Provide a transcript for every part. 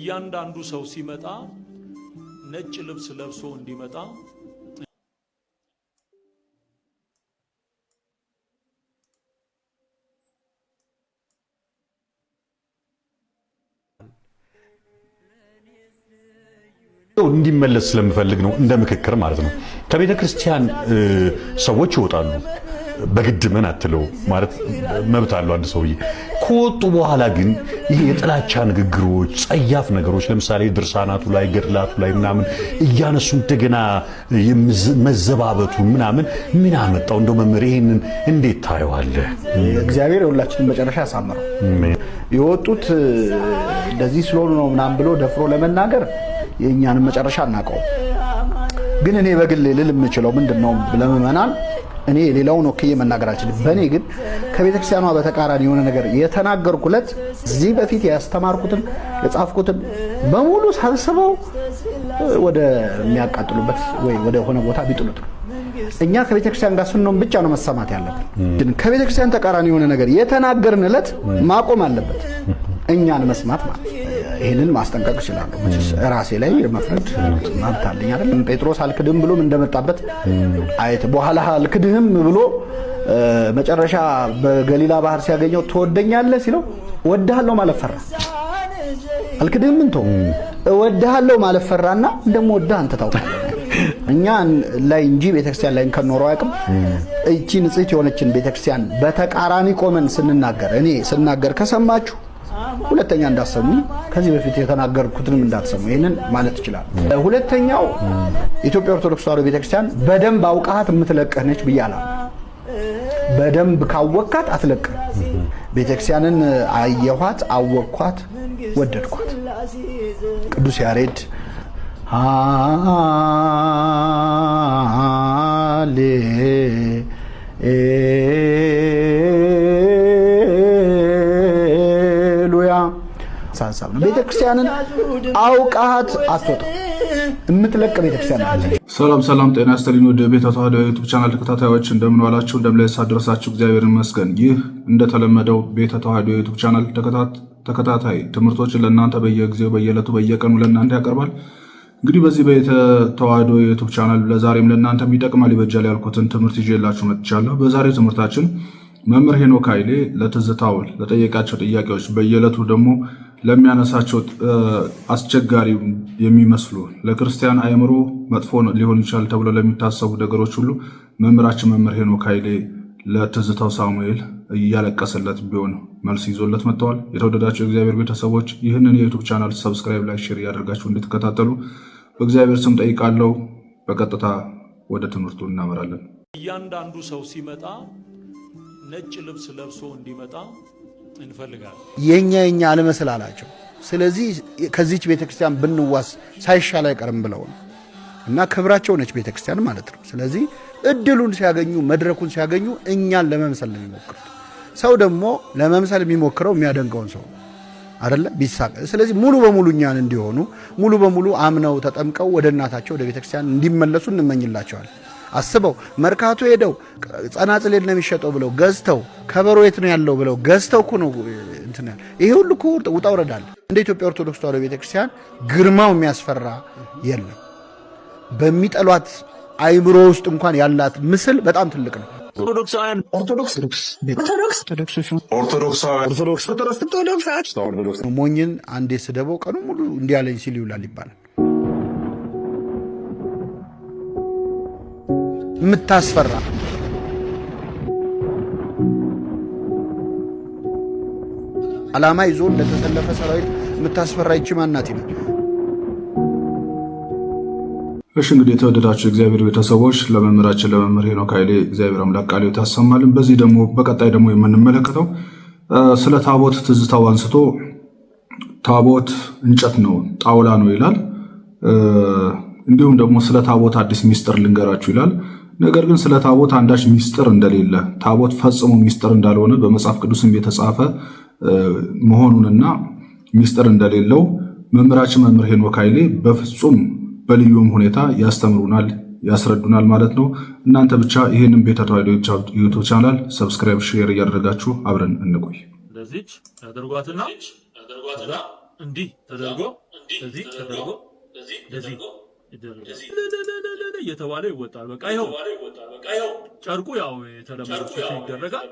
እያንዳንዱ ሰው ሲመጣ ነጭ ልብስ ለብሶ እንዲመጣ እንዲመለስ ስለምፈልግ ነው። እንደ ምክክር ማለት ነው። ከቤተ ክርስቲያን ሰዎች ይወጣሉ። በግድ ምን አትለው ማለት መብት አለው አንድ ሰውዬ። ከወጡ በኋላ ግን ይሄ የጥላቻ ንግግሮች፣ ጸያፍ ነገሮች ለምሳሌ ድርሳናቱ ላይ ገድላቱ ላይ ምናምን እያነሱ እንደገና መዘባበቱ ምናምን ምን አመጣው? እንደው መምህር ይሄንን እንዴት ታየዋለህ? እግዚአብሔር የሁላችንን መጨረሻ ያሳምረው። የወጡት እንደዚህ ስለሆኑ ነው ምናምን ብሎ ደፍሮ ለመናገር የእኛንም መጨረሻ አናውቀውም። ግን እኔ በግል ልል የምችለው ምንድነው ነው ለምእመናን እኔ ሌላውን ወክዬ መናገር አልችልም። በእኔ ግን ከቤተክርስቲያኗ በተቃራኒ የሆነ ነገር የተናገርኩለት እዚህ በፊት ያስተማርኩትን የጻፍኩትን በሙሉ ሰብስበው ወደሚያቃጥሉበት ወይ ወደ ሆነ ቦታ ቢጥሉት እኛ ከቤተክርስቲያን ጋር ስንሆን ብቻ ነው መሰማት ያለብን። ከቤተክርስቲያን ተቃራኒ የሆነ ነገር የተናገርንለት ማቆም አለበት፣ እኛን መስማት ማለት ይህንን ማስጠንቀቅ እችላለሁ። ራሴ ላይ የመፍረድ መብት አለኝ አይደለም። ጴጥሮስ አልክድህም ብሎም እንደመጣበት አየት። በኋላ አልክድህም ብሎ መጨረሻ በገሊላ ባህር ሲያገኘው ትወደኛለህ ሲለው እወድሃለሁ ማለት ፈራ። አልክድህም እንቶ እወድሃለሁ ማለት ፈራና እንደምወድህ አንተ ታውቃለህ። እኛ ላይ እንጂ ቤተክርስቲያን ላይ ከኖረው አያውቅም። እቺ ንጽሕት የሆነችን ቤተክርስቲያን በተቃራኒ ቆመን ስንናገር እኔ ስናገር ከሰማችሁ ሁለተኛ እንዳሰሙ ከዚህ በፊት የተናገርኩትንም እንዳትሰሙ ይህንን ማለት ይችላል። ሁለተኛው ኢትዮጵያ ኦርቶዶክስ ተዋሕዶ ቤተክርስቲያን በደንብ አውቃት የምትለቅህ ነች ብያላ። በደንብ ካወቅካት አትለቅህ። ቤተክርስቲያንን አየኋት፣ አወቅኳት፣ ወደድኳት። ቅዱስ ያሬድ ሃሌ ሀሳብ ነው። ቤተክርስቲያንን አውቃት አትወጣ የምትለቅ ቤተክርስቲያን ሰላም ሰላም፣ ጤና ይስጥልኝ ወደ ቤተ ተዋህዶ ዩቱብ ቻናል ተከታታዮች እንደምን ዋላችሁ፣ እንደምን ሳደረሳችሁ፣ እግዚአብሔር ይመስገን። ይህ እንደተለመደው ቤተ ተዋህዶ ዩቱብ ቻናል ተከታታይ ትምህርቶችን ለእናንተ በየጊዜው በየዕለቱ በየቀኑ ለእናንተ ያቀርባል። እንግዲህ በዚህ ቤተ ተዋህዶ ዩቱብ ቻናል ለዛሬም ለእናንተ የሚጠቅማል ይበጃል ያልኩትን ትምህርት ይዤላችሁ መጥቻለሁ። በዛሬው ትምህርታችን መምህር ሄኖክ ኃይሌ ለትዝታው ለጠየቃቸው ጥያቄዎች በየዕለቱ ደግሞ ለሚያነሳቸው አስቸጋሪ የሚመስሉ ለክርስቲያን አእምሮ መጥፎ ሊሆን ይችላል ተብሎ ለሚታሰቡ ነገሮች ሁሉ መምህራችን መምህር ሄኖክ ኃይሌ ለትዝታው ሳሙኤል እያለቀሰለት ቢሆን መልስ ይዞለት መጥተዋል። የተወደዳቸው የእግዚአብሔር ቤተሰቦች ይህንን የዩቱብ ቻናል ሰብስክራይብ፣ ላይ ሼር እያደርጋችሁ እንድትከታተሉ በእግዚአብሔር ስም ጠይቃለሁ። በቀጥታ ወደ ትምህርቱ እናመራለን። እያንዳንዱ ሰው ሲመጣ ነጭ ልብስ ለብሶ እንዲመጣ የእኛ የኛ የኛ አልመስል አላቸው። ስለዚህ ከዚች ቤተክርስቲያን ብንዋስ ሳይሻል አይቀርም ብለው ነው እና ክብራቸው ነች ቤተክርስቲያን ማለት ነው። ስለዚህ እድሉን ሲያገኙ መድረኩን ሲያገኙ እኛን ለመምሰል ነው የሚሞክሩት። ሰው ደግሞ ለመምሰል የሚሞክረው የሚያደንቀውን ሰው አደለ ቢሳቅ። ስለዚህ ሙሉ በሙሉ እኛን እንዲሆኑ ሙሉ በሙሉ አምነው ተጠምቀው ወደ እናታቸው ወደ ቤተክርስቲያን እንዲመለሱ እንመኝላቸዋል። አስበው መርካቶ ሄደው ጸናጽል የት ነው የሚሸጠው ብለው ገዝተው ከበሮ የት ነው ያለው ብለው ገዝተው እኮ ነው እንትን ያለ ይሄ ሁሉ እኮ ውጣ ውረዳል። እንደ ኢትዮጵያ ኦርቶዶክስ ተዋሕዶ ቤተክርስቲያን ግርማው የሚያስፈራ የለም። በሚጠሏት አይምሮ ውስጥ እንኳን ያላት ምስል በጣም ትልቅ ነው። ኦርቶዶክስ ሞኝን አንዴ ስደበው ቀኑ ሙሉ እንዲያለኝ ሲል ይውላል ይባላል። የምታስፈራ ዓላማ ይዞ እንደተሰለፈ ሰራዊት የምታስፈራ ይቺ ማናት ነው። እሺ እንግዲህ የተወደዳችሁ እግዚአብሔር ቤተሰቦች ለመምህራችን ለመምህር ሄኖክ ኃይሌ እግዚአብሔር አምላክ ቃል ታሰማልን። በዚህ ደግሞ በቀጣይ ደግሞ የምንመለከተው ስለ ታቦት ትዝታው አንስቶ ታቦት እንጨት ነው ጣውላ ነው ይላል። እንዲሁም ደግሞ ስለ ታቦት አዲስ ሚስጥር ልንገራችሁ ይላል። ነገር ግን ስለ ታቦት አንዳች ሚስጥር እንደሌለ ታቦት ፈጽሞ ሚስጥር እንዳልሆነ በመጽሐፍ ቅዱስም የተጻፈ መሆኑንና ሚስጥር እንደሌለው መምህራችን መምህር ሄኖክ ኃይሌ በፍጹም በልዩም ሁኔታ ያስተምሩናል፣ ያስረዱናል ማለት ነው። እናንተ ብቻ ይህንም ቤተ ተዋሕዶ ዩቱብ ቻናል ሰብስክራይብ፣ ሼር እያደረጋችሁ አብረን እንቆይ። ለዚች ተደርጓትና እንዲህ ተደርጎ እዚህ ተደርጎ እየተባለ ይወጣል። በቃ ይኸው ጨርቁ ያው የተለመደ ሱት ይደረጋል።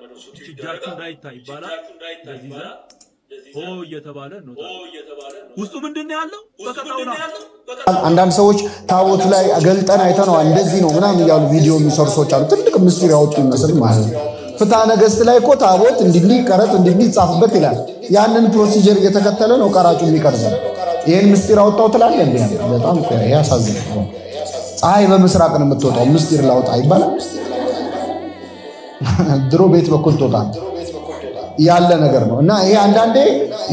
እጃችሁ እንዳይታይ ይባላል። ለዚህ እየተባለ ውስጡ ምንድን ነው ያለው? በቀጣውና አንዳንድ ሰዎች ታቦት ላይ ገልጠን አይተነዋል፣ እንደዚህ ነው ምናምን እያሉ ቪዲዮ የሚሰሩ ሰዎች አሉ። ትልቅ ምስጢር ያወጡ ይመስል ማለት ነው። ፍትሐ ነገሥት ላይ እኮ ታቦት እንዲህ ቀረጽ እንዲህ ይጻፍበት ይላል። ያንን ፕሮሲጀር እየተከተለ ነው ቀራጩ የሚቀርዘው። ይህን ምስጢር አወጣው ትላለህ። በጣም ፀሐይ በምስራቅ ነው የምትወጣው። ምስጢር ላውጣ ይባላል። ድሮ ቤት በኩል ትወጣ ያለ ነገር ነው እና ይሄ አንዳንዴ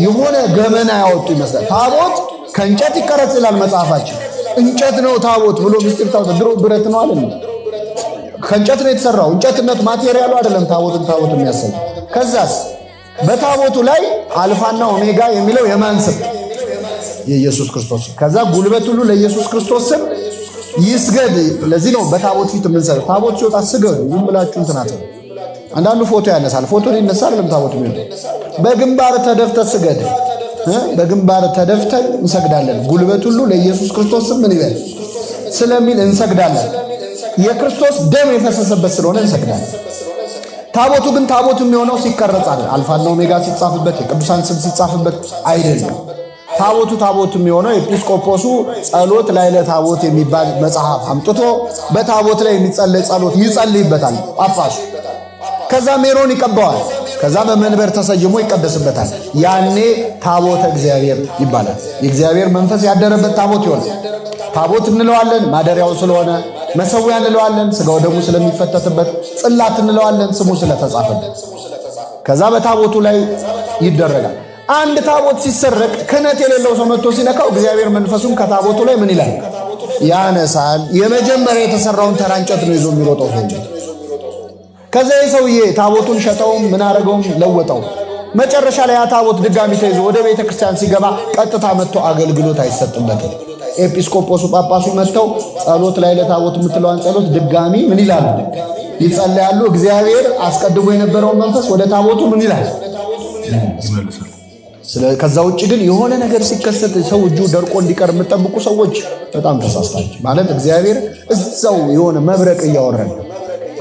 የሆነ ገመና ያወጡ ይመስላል። ታቦት ከእንጨት ይቀረጽ ይላል መጽሐፋችን። እንጨት ነው ታቦት ብሎ ምስጢር ታቦት ድሮ ብረት ነው አለ ከእንጨት ነው የተሰራው። እንጨትነት ማቴሪያሉ አይደለም ታቦትን ታቦት የሚያሰኝ ከዛስ በታቦቱ ላይ አልፋና ኦሜጋ የሚለው የማን ስም? የኢየሱስ ክርስቶስ። ከዛ ጉልበት ሁሉ ለኢየሱስ ክርስቶስ ስም ይስገድ። ለዚህ ነው በታቦት ፊት የምንሰር። ታቦት ሲወጣ ስገዱ። ዝም ብላችሁ እንትናት አንዳንዱ ፎቶ ያነሳል። ፎቶ ሊነሳ አይደለም ታቦት የሚወጣ። በግንባር ተደፍተ ስገድ። በግንባር ተደፍተን እንሰግዳለን። ጉልበት ሁሉ ለኢየሱስ ክርስቶስ ምን ይበል ስለሚል እንሰግዳለን። የክርስቶስ ደም የፈሰሰበት ስለሆነ እንሰግዳለን። ታቦቱ ግን ታቦት የሚሆነው ሲቀረጻል። አልፋና ኦሜጋ ሲጻፍበት፣ የቅዱሳን ስም ሲጻፍበት አይደለም። ታቦቱ ታቦት የሚሆነው ኤጲስቆጶሱ ጸሎት ላይለ ታቦት የሚባል መጽሐፍ አምጥቶ በታቦት ላይ የሚጸለይ ጸሎት ይጸልይበታል ጳጳሱ። ከዛ ሜሮን ይቀባዋል። ከዛ በመንበር ተሰይሞ ይቀደስበታል። ያኔ ታቦተ እግዚአብሔር ይባላል። የእግዚአብሔር መንፈስ ያደረበት ታቦት ይሆናል። ታቦት እንለዋለን ማደሪያው ስለሆነ፣ መሰዊያ እንለዋለን ስጋው ደሙ ስለሚፈተትበት፣ ጽላት እንለዋለን ስሙ ስለተጻፈበት። ከዛ በታቦቱ ላይ ይደረጋል። አንድ ታቦት ሲሰረቅ ክህነት የሌለው ሰው መጥቶ ሲነካው እግዚአብሔር መንፈሱን ከታቦቱ ላይ ምን ይላል? ያነሳል። የመጀመሪያ የተሰራውን ተራ እንጨት ነው ይዞ የሚሮጠው ሰው። ከዚያ ሰውዬ ታቦቱን ሸጠውም ምን አረገውም ለወጠው። መጨረሻ ላይ ያ ታቦት ድጋሚ ተይዞ ወደ ቤተ ክርስቲያን ሲገባ ቀጥታ መጥቶ አገልግሎት አይሰጥበትም። ኤጲስቆጶሱ ጳጳሱ መጥተው ጸሎት ላይ ለታቦት የምትለዋን ጸሎት ድጋሚ ምን ይላሉ? ይጸለያሉ። እግዚአብሔር አስቀድሞ የነበረውን መንፈስ ወደ ታቦቱ ምን ይላል? ከዛ ውጭ ግን የሆነ ነገር ሲከሰት ሰው እጁ ደርቆ እንዲቀር የምጠብቁ ሰዎች በጣም ተሳስታችሁ። ማለት እግዚአብሔር እዛው የሆነ መብረቅ እያወረን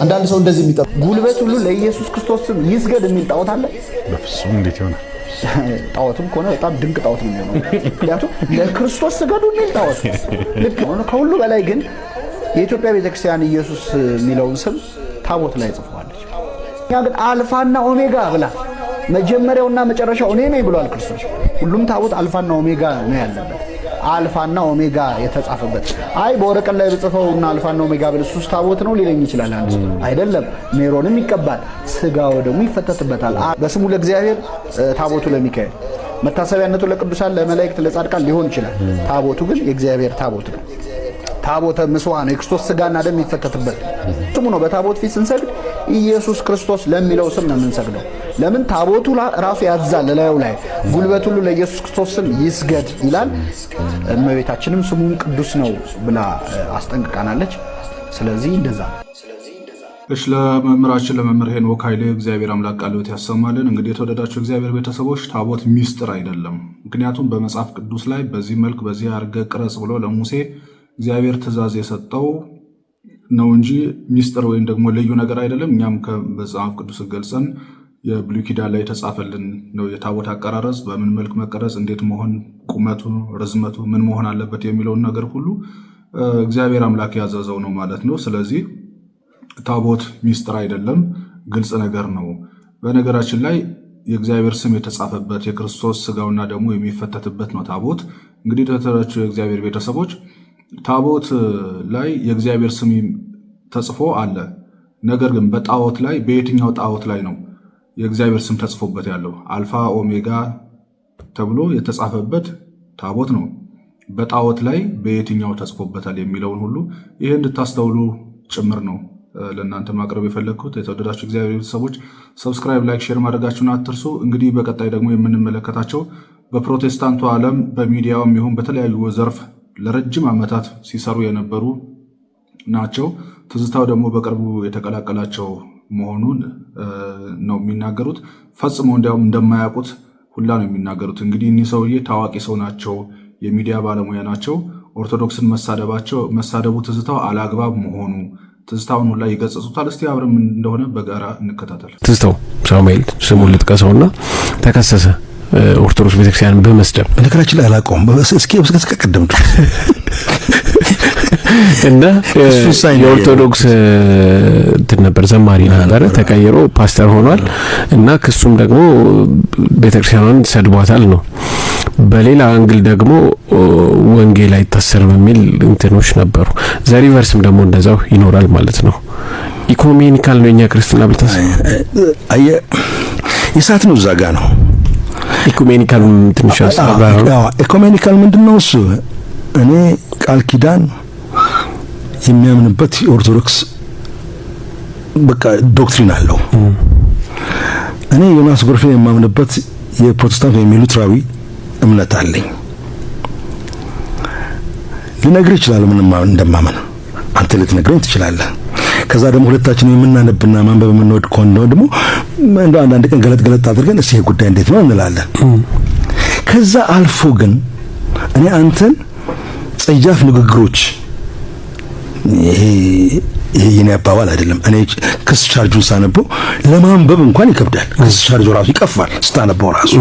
አንዳንድ ሰው እንደዚህ የሚጠ ጉልበት ሁሉ ለኢየሱስ ክርስቶስ ስም ይስገድ የሚል ጣዖት አለ። በፍጹም እንዴት ይሆናል? ጣዖትም ከሆነ በጣም ድንቅ ጣዖት ነው የሚሆነው። ምክንያቱም ለክርስቶስ ስገዱ የሚል ጣዖት ልክ ሆነ። ከሁሉ በላይ ግን የኢትዮጵያ ቤተክርስቲያን ኢየሱስ የሚለውን ስም ታቦት ላይ ጽፈዋለች። እኛ ግን አልፋና ኦሜጋ ብላ መጀመሪያውና መጨረሻው እኔ ነኝ ብሏል ክርስቶስ። ሁሉም ታቦት አልፋና ኦሜጋ ነው ያለበት አልፋና ኦሜጋ የተጻፈበት። አይ በወረቀት ላይ ብጽፈው እና አልፋና ኦሜጋ ብል እሱስ ታቦት ነው ሊለኝ ይችላል። አንድ አይደለም፣ ሜሮንም ይቀባል፣ ስጋው ደግሞ ይፈተትበታል። በስሙ ለእግዚአብሔር ታቦቱ ለሚካኤል መታሰቢያነቱ ለቅዱሳን ለመላእክት ለጻድቃን ሊሆን ይችላል። ታቦቱ ግን የእግዚአብሔር ታቦት ነው። ታቦተ ምስዋ ነው የክርስቶስ ስጋና ደም ይፈተትበት ስሙ ነው። በታቦት ፊት ስንሰግድ ኢየሱስ ክርስቶስ ለሚለው ስም ነው የምንሰግደው። ለምን ታቦቱ ራሱ ያዛል። ለላዩ ላይ ጉልበት ሁሉ ለኢየሱስ ክርስቶስ ስም ይስገድ ይላል። እመቤታችንም ስሙን ቅዱስ ነው ብላ አስጠንቅቃናለች። ስለዚህ እንደዛ ነው። እሽ ለመምህራችን ለመምህር ሄኖክ ኃይሌ እግዚአብሔር አምላክ ቃልዎት ያሰማልን። እንግዲህ የተወደዳቸው እግዚአብሔር ቤተሰቦች ታቦት ሚስጥር አይደለም። ምክንያቱም በመጽሐፍ ቅዱስ ላይ በዚህ መልክ በዚህ አድርገህ ቅረጽ ብሎ ለሙሴ እግዚአብሔር ትእዛዝ የሰጠው ነው እንጂ ሚስጥር ወይም ደግሞ ልዩ ነገር አይደለም። እኛም ከመጽሐፍ ቅዱስ ገልጸን የብሉይ ኪዳን ላይ የተጻፈልን ነው። የታቦት አቀራረጽ በምን መልክ መቀረጽ፣ እንዴት መሆን፣ ቁመቱ፣ ርዝመቱ ምን መሆን አለበት የሚለውን ነገር ሁሉ እግዚአብሔር አምላክ ያዘዘው ነው ማለት ነው። ስለዚህ ታቦት ሚስጥር አይደለም፣ ግልጽ ነገር ነው። በነገራችን ላይ የእግዚአብሔር ስም የተጻፈበት የክርስቶስ ስጋውና ደግሞ የሚፈተትበት ነው ታቦት። እንግዲህ የተወደዳችሁ የእግዚአብሔር ቤተሰቦች ታቦት ላይ የእግዚአብሔር ስም ተጽፎ አለ። ነገር ግን በጣዖት ላይ በየትኛው ጣዖት ላይ ነው የእግዚአብሔር ስም ተጽፎበት ያለው? አልፋ ኦሜጋ ተብሎ የተጻፈበት ታቦት ነው። በጣዖት ላይ በየትኛው ተጽፎበታል የሚለውን ሁሉ ይህ እንድታስተውሉ ጭምር ነው ለእናንተ ማቅረብ የፈለግኩት። የተወደዳችሁ እግዚአብሔር ቤተሰቦች ሰብስክራይብ፣ ላይክ፣ ሼር ማድረጋችሁን አትርሱ። እንግዲህ በቀጣይ ደግሞ የምንመለከታቸው በፕሮቴስታንቱ ዓለም በሚዲያውም ይሁን በተለያዩ ዘርፍ ለረጅም ዓመታት ሲሰሩ የነበሩ ናቸው። ትዝታው ደግሞ በቅርቡ የተቀላቀላቸው መሆኑን ነው የሚናገሩት። ፈጽሞ እንዲያውም እንደማያውቁት ሁላ ነው የሚናገሩት። እንግዲህ እኒህ ሰውዬ ታዋቂ ሰው ናቸው፣ የሚዲያ ባለሙያ ናቸው። ኦርቶዶክስን መሳደቡ ትዝታው አላግባብ መሆኑ ትዝታውን ሁላ ይገጽጹታል። እስቲ አብረም እንደሆነ በጋራ እንከታተል። ትዝታው ሳሙኤል ስሙን ልጥቀሰውና ተከሰሰ ኦርቶዶክስ ቤተክርስቲያን በመስደብ በነገራችን ላይ አላውቀውም። እስኪ እስከ ቀደም ድረስ እና የኦርቶዶክስ እንትን ነበር፣ ዘማሪ ነበረ፣ ተቀይሮ ፓስተር ሆኗል። እና ክሱም ደግሞ ቤተክርስቲያኗን ሰድቧታል ነው። በሌላ አንግል ደግሞ ወንጌል አይታሰርም በሚል እንትኖች ነበሩ። ዘሪቨርስም ደግሞ እንደዛው ይኖራል ማለት ነው። ኢኮሜኒካል ነው የኛ ክርስትና ብልታስ የሰዓት ነው እዛ ጋ ነው ኢኩሜኒካል ትንሽ ኢኩሜኒካል ምንድን ነው እሱ? እኔ ቃል ኪዳን የሚያምንበት የኦርቶዶክስ በቃ ዶክትሪን አለው። እኔ ዮናስ ጎርፌ የማምንበት የፕሮቴስታንት ወይም የሉትራዊ እምነት አለኝ። ልነግር ይችላል ምንም እንደማመን አንተ ልትነግረኝ ትችላለህ። ከዛ ደግሞ ሁለታችን የምናነብና ማንበብ የምንወድ ነው ደግሞ እንደው አንዳንድ ቀን ገለጥ ገለጥ አድርገን እስኪ ጉዳይ እንዴት ነው እንላለን። ከዛ አልፎ ግን እኔ አንተን ጸያፍ ንግግሮች ይሄ ይሄ የኔ አባባል አይደለም። እኔ ክስ ቻርጁን ሳነበው ለማንበብ እንኳን ይከብዳል። ክስ ቻርጁ ራሱ ይቀፋል ስታነበው ራሱ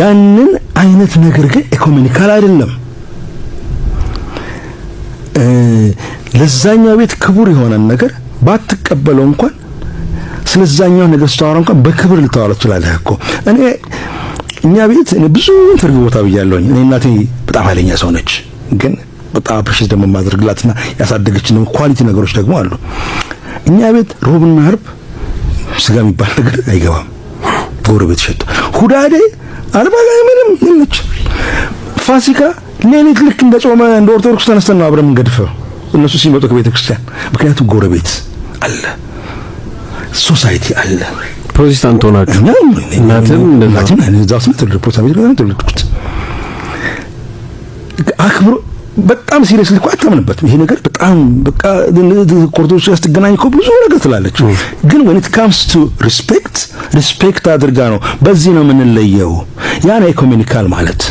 ያንን አይነት ነገር ግን ኢኮኖሚካል አይደለም ለዛኛው ቤት ክቡር የሆነን ነገር ባትቀበለው እንኳን ስለዛኛው ነገር ስታወራ እንኳን በክብር ልታወራ ትችላለህ እኮ እኔ እኛ ቤት እኔ ብዙ ፍርግ ቦታ ብያለሁኝ። እኔ እናቴ በጣም ኃይለኛ ሰው ነች፣ ግን በጣም አፕሪሼት ደግሞ የማደርግላትና ያሳደገች ደግሞ ኳሊቲ ነገሮች ደግሞ አሉ። እኛ ቤት ሮብና አርብ ስጋ የሚባል ነገር አይገባም። ጎረቤት ሸቶ ሁዳዴ አልባ ላይ ምንም ነች ፋሲካ ሌሊት ልክ እንደ ጾመ እንደ ኦርቶዶክስ ተነስተን ነው አብረን የምንገድፈው እነሱ ሲመጡ ከቤተ ክርስቲያን። ምክንያቱም ጎረቤት አለ፣ ሶሳይቲ አለ። ፕሮቴስታንት ሆናችሁ እናትም እናትም አክብሮ በጣም ሲሪየስ ልኮ አታምንበት። ይሄ ነገር በጣም በቃ ኮርቶች ስትገናኝ እኮ ብዙ ነገር ትላለች፣ ግን when it comes to respect ሪስፔክት አድርጋ ነው። በዚህ ነው የምንለየው። ያ ነው ኢኮኖሚካል ማለት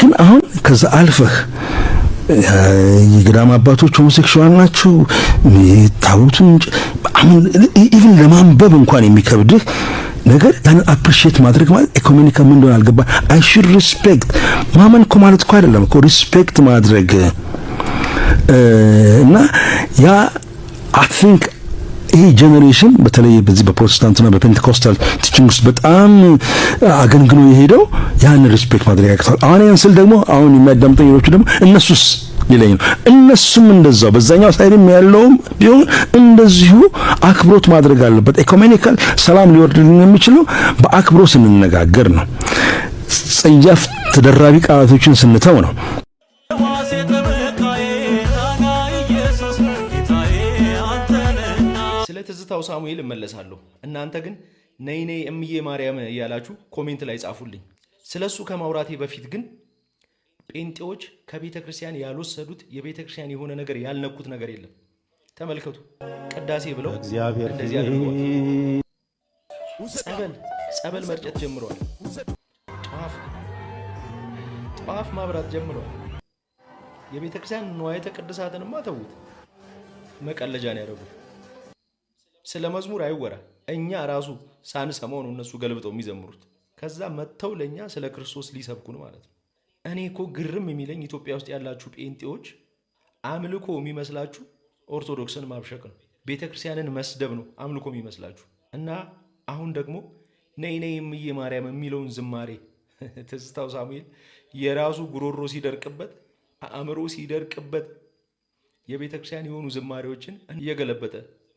ግን አሁን ከዛ አልፈህ የገዳም አባቶች ሆሞሴክሹዋል ናቸው ታቦቱን ኢቭን ለማንበብ እንኳን የሚከብድህ ነገር ያንን አፕሪሺየት ማድረግ ማለት ኢኮኖሚካ ምን እንደሆነ አልገባ አይ ሹድ ሪስፔክት ማመን እኮ ማለት እኮ አይደለም እኮ ሪስፔክት ማድረግ እና ያ አይ ቲንክ ይሄ ጄኔሬሽን በተለይ በዚህ በፕሮቴስታንትና በፔንቴኮስታል ቲችንግ ውስጥ በጣም አገንግኖ የሄደው ያንን ሪስፔክት ማድረግ ያቅተዋል። አሁን ያን ስል ደግሞ አሁን የሚያዳምጠኝ ሌሎቹ ደግሞ እነሱስ ሌላኝ ነው። እነሱም እንደዛው በዛኛው ሳይድም ያለውም ቢሆን እንደዚሁ አክብሮት ማድረግ አለበት። ኢኮኖሚካል ሰላም ሊወርድልን የሚችለው በአክብሮት ስንነጋገር ነው። ጸያፍ ተደራቢ ቃላቶችን ስንተው ነው። በትዝታው ሳሙኤል እመለሳለሁ። እናንተ ግን ነይኔ እምዬ ማርያም እያላችሁ ኮሜንት ላይ ጻፉልኝ። ስለ እሱ ከማውራቴ በፊት ግን ጴንጤዎች ከቤተ ክርስቲያን ያልወሰዱት የቤተ ክርስቲያን የሆነ ነገር ያልነኩት ነገር የለም። ተመልከቱ። ቅዳሴ ብለው እንደዚህ አድርገዋል። ጸበል ጸበል መርጨት ጀምረዋል። ጠዋፍ ጠዋፍ ማብራት ጀምረዋል። የቤተ ክርስቲያን ንዋየተ ቅድሳትንማ ተዉት፣ መቀለጃ ነው ያደረጉት። ስለ መዝሙር አይወራ፣ እኛ ራሱ ሳንሰማው ነው እነሱ ገልብጠው የሚዘምሩት። ከዛ መጥተው ለእኛ ስለ ክርስቶስ ሊሰብኩን ማለት ነው። እኔ እኮ ግርም የሚለኝ ኢትዮጵያ ውስጥ ያላችሁ ጴንጤዎች አምልኮ የሚመስላችሁ ኦርቶዶክስን ማብሸቅ ነው፣ ቤተ ክርስቲያንን መስደብ ነው አምልኮ የሚመስላችሁ። እና አሁን ደግሞ ነይ ነይ እምዬ ማርያም የሚለውን ዝማሬ ትዝታው ሳሙኤል የራሱ ጉሮሮ ሲደርቅበት አእምሮ ሲደርቅበት የቤተ ክርስቲያን የሆኑ ዝማሬዎችን እየገለበጠ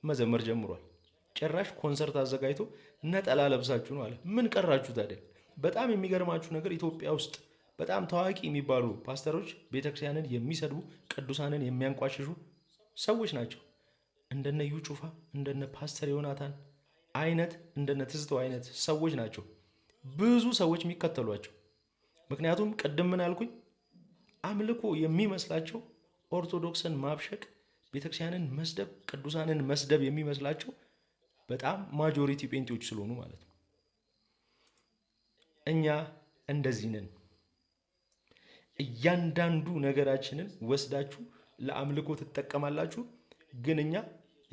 መዘመር ጀምሯል። ጭራሽ ኮንሰርት አዘጋጅቶ ነጠላ ለብሳችሁ ነው አለ። ምን ቀራችሁ ታዲያ? በጣም የሚገርማችሁ ነገር ኢትዮጵያ ውስጥ በጣም ታዋቂ የሚባሉ ፓስተሮች ቤተክርስቲያንን የሚሰድቡ ቅዱሳንን የሚያንቋሽሹ ሰዎች ናቸው። እንደነ ዩ ጩፋ፣ እንደነ ፓስተር ዮናታን አይነት እንደነ ትዝተው አይነት ሰዎች ናቸው ብዙ ሰዎች የሚከተሏቸው። ምክንያቱም ቅድም ምን አልኩኝ፣ አምልኮ የሚመስላቸው ኦርቶዶክስን ማብሸቅ ቤተክርስቲያንን መስደብ ቅዱሳንን መስደብ የሚመስላቸው በጣም ማጆሪቲ ጴንጤዎች ስለሆኑ ማለት ነው። እኛ እንደዚህ ነን። እያንዳንዱ ነገራችንን ወስዳችሁ ለአምልኮ ትጠቀማላችሁ፣ ግን እኛ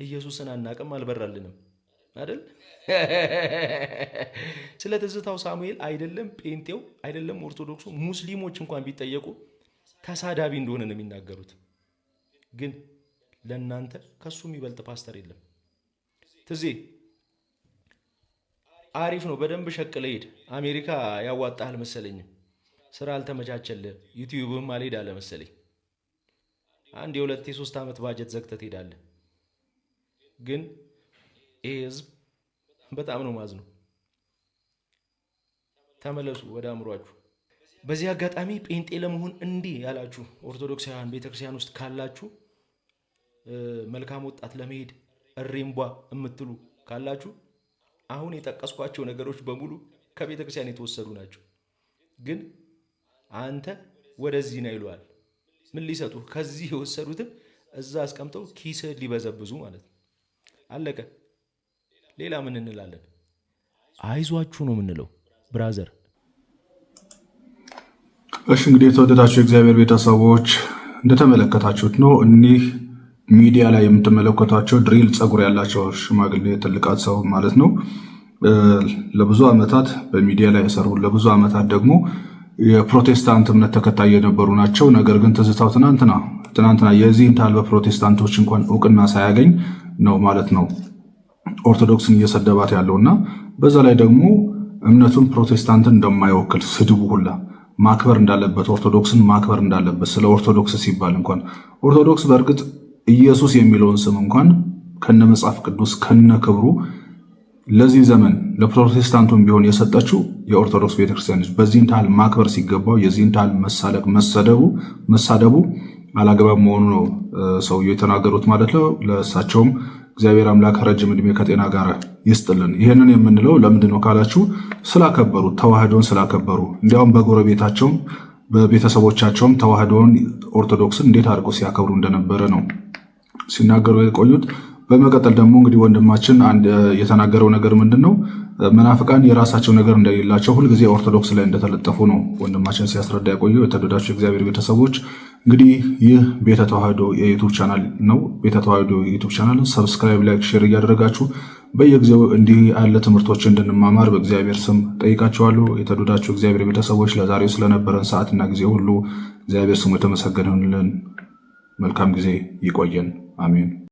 ኢየሱስን አናቅም፣ አልበራልንም አይደል? ስለ ትዝታው ሳሙኤል አይደለም ጴንጤው አይደለም ኦርቶዶክሱ፣ ሙስሊሞች እንኳን ቢጠየቁ ተሳዳቢ እንደሆነ ነው የሚናገሩት ግን ለእናንተ ከሱ የሚበልጥ ፓስተር የለም። ትዜ አሪፍ ነው። በደንብ ሸቅለ ሄድ። አሜሪካ ያዋጣህ አልመሰለኝም። ስራ አልተመቻቸለ ዩቲዩብም አልሄድ አለመሰለኝ። አንድ የሁለት የሶስት ዓመት ባጀት ዘግተህ ትሄዳለህ። ግን ይሄ ህዝብ በጣም ነው ማዝ ነው። ተመለሱ ወደ አእምሯችሁ። በዚህ አጋጣሚ ጴንጤ ለመሆን እንዲህ ያላችሁ ኦርቶዶክሳውያን ቤተክርስቲያን ውስጥ ካላችሁ መልካም ወጣት ለመሄድ እሬምቧ የምትሉ ካላችሁ አሁን የጠቀስኳቸው ነገሮች በሙሉ ከቤተ ክርስቲያን የተወሰዱ ናቸው። ግን አንተ ወደዚህ ነው ይለዋል። ምን ሊሰጡ ከዚህ የወሰዱትን እዛ አስቀምጠው ኪስ ሊበዘብዙ ማለት ነው። አለቀ። ሌላ ምን እንላለን? አይዟችሁ ነው የምንለው ብራዘር። እሺ እንግዲህ የተወደዳቸው የእግዚአብሔር ቤተሰቦች እንደተመለከታችሁት ነው እኒህ ሚዲያ ላይ የምትመለከቷቸው ድሪል ጸጉር ያላቸው ሽማግሌ ትልቃት ሰው ማለት ነው። ለብዙ ዓመታት በሚዲያ ላይ የሰሩ ለብዙ ዓመታት ደግሞ የፕሮቴስታንት እምነት ተከታይ የነበሩ ናቸው። ነገር ግን ትዝታው ትናንትና ትናንትና የዚህን ታህል በፕሮቴስታንቶች እንኳን እውቅና ሳያገኝ ነው ማለት ነው ኦርቶዶክስን እየሰደባት ያለው እና በዛ ላይ ደግሞ እምነቱን ፕሮቴስታንትን እንደማይወክል ስድቡ ሁላ ማክበር እንዳለበት ኦርቶዶክስን ማክበር እንዳለበት ስለ ኦርቶዶክስ ሲባል እንኳን ኦርቶዶክስ በእርግጥ ኢየሱስ የሚለውን ስም እንኳን ከነ መጽሐፍ ቅዱስ ከነ ክብሩ ለዚህ ዘመን ለፕሮቴስታንቱም ቢሆን የሰጠችው የኦርቶዶክስ ቤተክርስቲያን ነች። በዚህን ታህል ማክበር ሲገባው የዚህን ታህል መሳለቅ መሳደቡ አላገባብ መሆኑ ነው ሰውየው የተናገሩት ማለት ነው። ለእሳቸውም እግዚአብሔር አምላክ ረጅም እድሜ ከጤና ጋር ይስጥልን። ይህንን የምንለው ለምንድን ነው ካላችሁ ስላከበሩ፣ ተዋህዶን ስላከበሩ እንዲያውም በጎረቤታቸውም በቤተሰቦቻቸውም ተዋህዶን ኦርቶዶክስን እንዴት አድርገው ሲያከብሩ እንደነበረ ነው ሲናገሩ የቆዩት። በመቀጠል ደግሞ እንግዲህ ወንድማችን የተናገረው ነገር ምንድን ነው? መናፍቃን የራሳቸው ነገር እንደሌላቸው ሁልጊዜ ኦርቶዶክስ ላይ እንደተለጠፉ ነው ወንድማችን ሲያስረዳ የቆየው። የተወደዳቸው የእግዚአብሔር ቤተሰቦች እንግዲህ ይህ ቤተ ተዋህዶ የዩቱብ ቻናል ነው። ቤተ ተዋህዶ የዩቱብ ቻናል ሰብስክራይብ፣ ላይክ፣ ሼር እያደረጋችሁ በየጊዜው እንዲህ ያለ ትምህርቶች እንድንማማር በእግዚአብሔር ስም ጠይቃችኋለሁ። የተወደዳቸው እግዚአብሔር ቤተሰቦች ለዛሬው ስለነበረን ሰዓትና ጊዜ ሁሉ እግዚአብሔር ስሙ የተመሰገነ መልካም ጊዜ ይቆየን። አሜን።